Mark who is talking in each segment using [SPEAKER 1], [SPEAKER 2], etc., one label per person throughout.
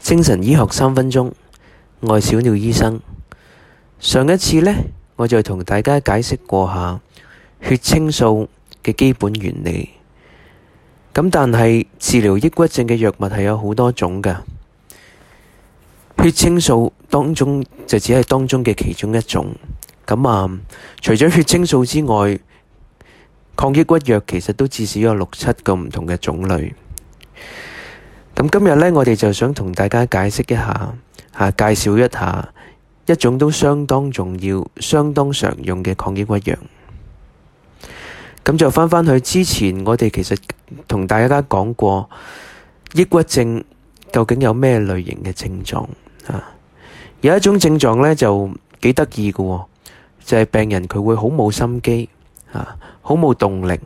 [SPEAKER 1] 精神醫學三分鐘，愛小鳥醫生。上一次呢，我就同大家解釋過下血清素嘅基本原理。咁但係治療抑鬱症嘅藥物係有好多種噶，血清素當中就只係當中嘅其中一種。咁啊，除咗血清素之外，抗抑鬱藥其實都至少有六七個唔同嘅種類。咁今日咧，我哋就想同大家解釋一下吓，介紹一下一種都相當重要、相當常用嘅抗抑鬱藥。咁就翻返去之前，我哋其實同大家講過，抑鬱症究竟有咩類型嘅症狀啊？有一種症狀咧就幾得意嘅喎，就係病人佢會好冇心機啊，好冇動力，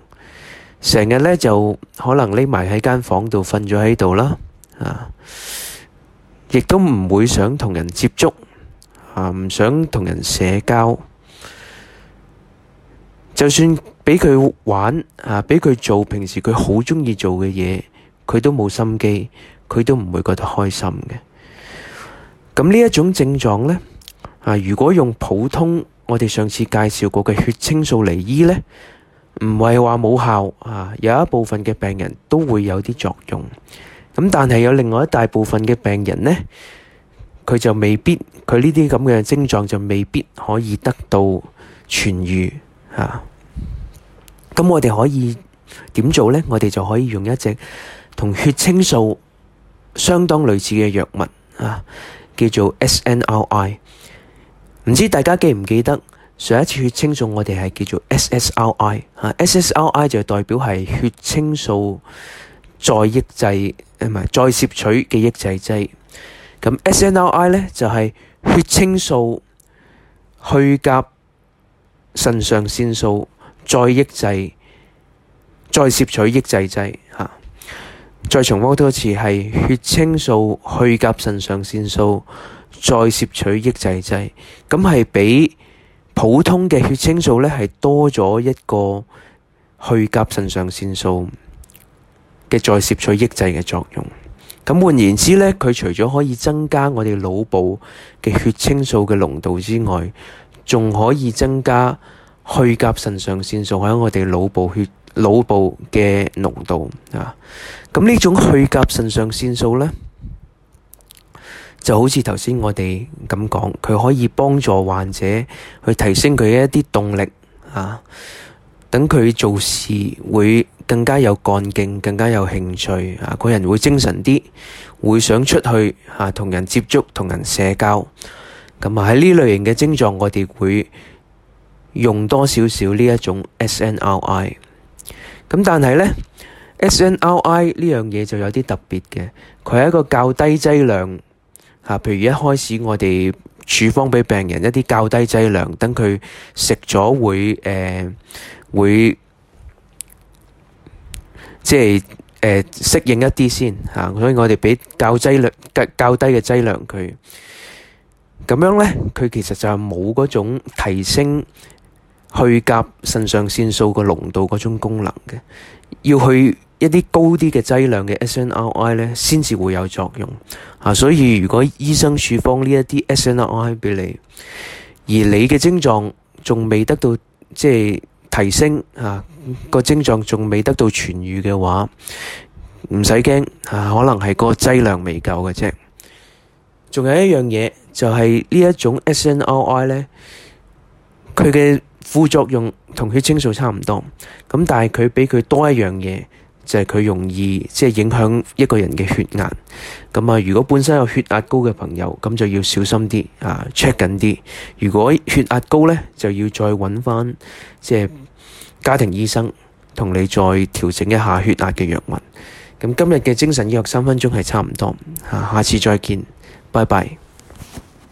[SPEAKER 1] 成日咧就可能匿埋喺間房度瞓咗喺度啦。啊！亦都唔會想同人接觸啊，唔想同人社交。就算畀佢玩啊，畀佢做平時佢好鍾意做嘅嘢，佢都冇心機，佢都唔會覺得開心嘅。咁呢一種症狀呢啊，如果用普通我哋上次介紹過嘅血清素嚟醫呢，唔係話冇效啊，有一部分嘅病人都會有啲作用。咁但係有另外一大部分嘅病人呢，佢就未必佢呢啲咁嘅症狀就未必可以得到痊癒啊。咁我哋可以點做呢？我哋就可以用一隻同血清素相當類似嘅藥物啊，叫做 SNRI。唔知大家記唔記得上一次血清素我哋係叫做 SSRI 啊？SSRI 就代表係血清素再抑制。再攝取抑制劑。咁 SNRI 呢，就係、是、血清素、去甲腎上腺素再抑制、再攝取抑制劑吓、啊。再重複多次，係血清素、去甲腎上腺素再攝取抑制劑。咁係比普通嘅血清素呢，係多咗一個去甲腎上腺素嘅再攝取抑制嘅作用，咁換言之咧，佢除咗可以增加我哋腦部嘅血清素嘅濃度之外，仲可以增加去甲腎上腺素喺我哋腦部血腦部嘅濃度啊！咁、嗯、呢種去甲腎上腺素咧，就好似頭先我哋咁講，佢可以幫助患者去提升佢嘅一啲動力啊！等佢做事會更加有幹勁，更加有興趣啊！個人會精神啲，會想出去嚇同、啊、人接觸、同人社交。咁啊喺呢類型嘅症狀，我哋會用多少少、啊、呢一種 SNRI。咁但係呢 SNRI 呢樣嘢就有啲特別嘅，佢係一個較低劑量嚇、啊。譬如一開始我哋處方俾病人一啲較低劑量，等佢食咗會誒。呃會即係呃、適應一啲先吓，所以我哋俾較低量嘅，較低嘅劑量，佢咁樣咧，佢其實就係冇嗰種提升去甲腎上腺素個濃度嗰種功能嘅，要去一啲高啲嘅劑量嘅 S N R I 咧，先至會有作用吓、啊。所以如果醫生處方呢一啲 S N R I 俾你，而你嘅症狀仲未得到即係。提升啊，個症狀仲未得到痊癒嘅話，唔使驚啊，可能係個劑量未夠嘅啫。仲有一樣嘢就係、是、呢一種 SNRI 呢，佢嘅副作用同血清素差唔多，咁但係佢比佢多一樣嘢。就係佢容易即係、就是、影響一個人嘅血壓，咁啊，如果本身有血壓高嘅朋友，咁就要小心啲啊，check 緊啲。如果血壓高咧，就要再揾翻即係家庭醫生同你再調整一下血壓嘅藥物。咁今日嘅精神醫學三分鐘係差唔多，嚇，下次再見，拜拜。